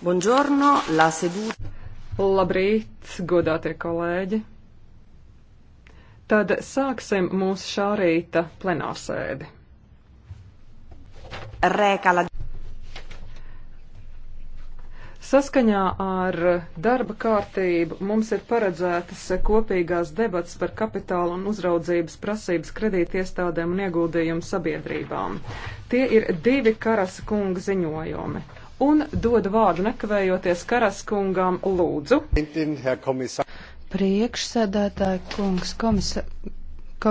Buongiorno, la seduta. Labrīt, godātie kolēģi. Tad sāksim mūsu šā rīta plenārsēdi. Rēkala. Saskaņā ar darba kārtību mums ir paredzētas kopīgās debats par kapitālu un uzraudzības prasības kredītiestādēm un ieguldījumu sabiedrībām. Tie ir divi Karasa kunga ziņojumi. Un dodu vārdu nekavējoties Karaskungām lūdzu. Priekšsēdētāji kungs, komisa,